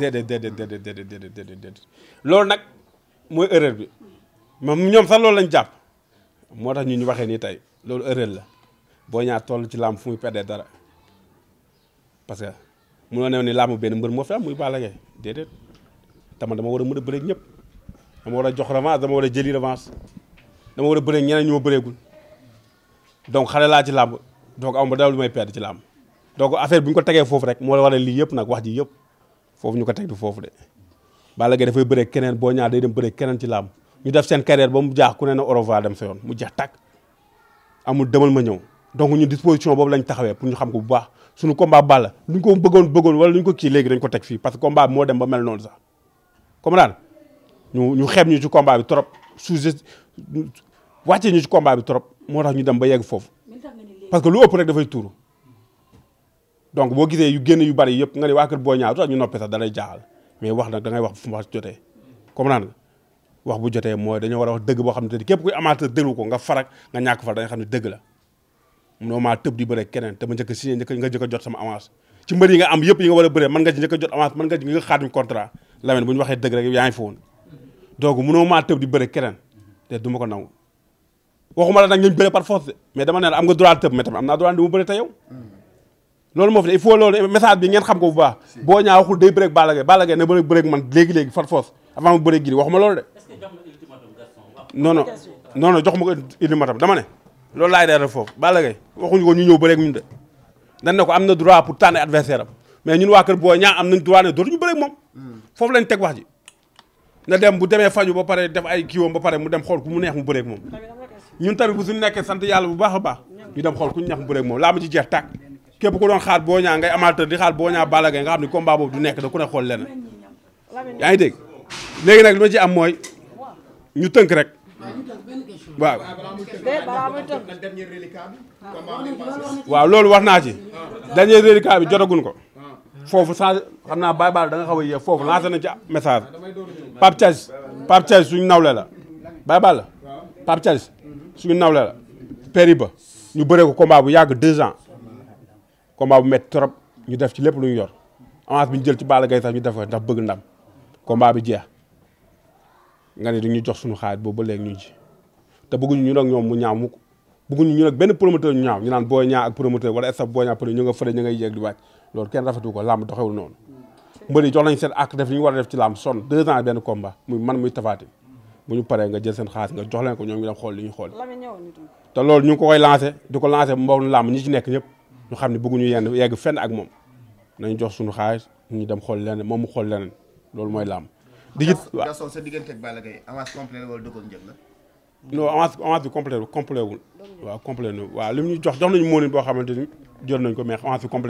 déedéet déedéet déedéet déedéet déedéet déedéet loolu nag mooy erreur bi mu ñoom sax loolu lañ jàpp moo tax ñu ñu waxee nii tey loolu erreur la boo ñaar toll ci làmb fu muy perdee dara parce que munoo new ni làmb benn mbër moo fi am muy Balla Gaye déedéet dama war a mën a bëreeg ñëpp dama war a jox revanche dama war a jëli revanche dama war a bëreeg ñeneen ñu ma bëreegul donc xale laa ci làmb donc am ba lu may perdre ci làmb donc affaire bu ñu ko tegee foofu rek moo la war a lii yëpp nag wax ji yëpp. foofu ñu ko teg du foofu de Balla Gaye dafay bëre keneen boo ñaa day dem bëre keneen ci làmb ñu def sen carrière ba mu jaax ku ne na au revoir dem sa yoon mu jeex tàkk amul demal ma ñëw donc ñu disposition boobu lañ taxawee pour ñu xam ko bu baax suñu combat Balla lu ñu ko bëggoon bëggoon wala lu ñu ko kii léegi dañ ko teg fii parce que combat bi moo dem ba mel noonu sax comme daan ñu ñu xeeb ñu ci combat bi trop sous wàccee ñu ci combat bi trop moo tax ñu dem ba yegg foofu parce que lu ëpp dafay tuuru donc boo gisee génn yu bari yëpp nga ne waa kër Boy Niang tax ñu noppee sax dalay jaaxal wax nag da ngay wax jotee comprendre nga wax bu jotee mooy dañoo war a dëgg boo xam ne képp kuy ko nga farak nga ñàkk far da nga xam ne dëgg la munoo maa tëb di njëkk signé njëkk nga njëkk a jot sama avance ci mbër yi nga am a bëree mën nga ci njëkk a jot avance mën nga ci nga xaatim contrat Lamine bu ñu waxee dëgg rek yaa ngi donc munoo maa tëb di bëre keneen te du ma ko nangu waxuma la nag ñu bëre par force mais dama ne am nga droit tëb naa droit di bëre te loolu moo fi ne il loolu message bi ngeen xam ko bu baax. boo ñaa waxul day bëreeg Balla Gaye Balla Gaye na bëreeg bëreeg man léegi léegi far force avant ma bëreeg gi waxuma loolu de. est-ce jox non non non non ma ko dama ne. loolu laay dara foofu Balla Gaye waxuñu ko ñu ñëw bëreeg ñun de dañ ne ko am na droit pour tànn adversaire am mais ñun waa kër boo ñaa am nañ droit ne dootuñu bëreeg moom. Hmm. foofu lañ teg wax ji na dem bu demee faju ba pare def ay kiiwam ba pare mu dem xool ku mu neex mu bëreeg moom ñun tamit bu suñu nekkee sant yàlla bu baax a baax ñu dem xool ku ñu neex mu bëreeg moom laa ma ci jeex tàkk képp ku doon xaar boo Niang ngay amateur di xaar boo Niang Balla Gaye nga xam ne combat boobu du nekk da ku ne xool leneen yaa ngi dégg léegi nag li ma ci am mooy ñu tënk rek waaw waaw loolu wax naa ci dernier reliquat bi jotagun ko foofu sans xam naa Baye Balla da nga xaw a foofu lancé nañ ci message Pape Thiès Pape Thiès suñu nawle la Baye Balla Pape Thiès suñu nawle la péri ñu bëree ko combat bu yàgg deux ans combat bu métti trop ñu def ci lépp lu ñu yor avance bi ñu jël ci baala Gaye sax ñu def ko ndax bëgg ndam combat bi jeex nga ne du ñu jox sunu xaalis boobu ba ñu ci te bëgguñu ñu nag ñoom mu ñaaw mukk bëgguñu ñu nag benn promoteur ñu ñaaw ñu naan booy ñaaw ak promoteur wala ñu nga fële ñu di wàcc loolu kenn rafetu ko làmb doxewul noonu mbër yi jox nañ seen ak def li ñu war a def ci làmb sonn deux ans benn komba muy man muy tafaati bu ñu paree nga jël seen xaalis nga jox leen ko ñoom ñu dem xool li ñu xool te loolu ñu ko koy lancé di ko lancé mboolu làmb ñi ci nekk ñëpp ñu xam ne bëgguñu yenn yegg fenn ak moom nañ jox suñu xaalis ñu dem xool leneen moom mu xool leneen loolu mooy làmb. digit waaw Gaston sa diggante complet wala la. non avance avance bi complet complet wul. waaw complet na waaw li mu ñu jox jox nañu moonin boo xamante ni nañ ko mais avance bi complet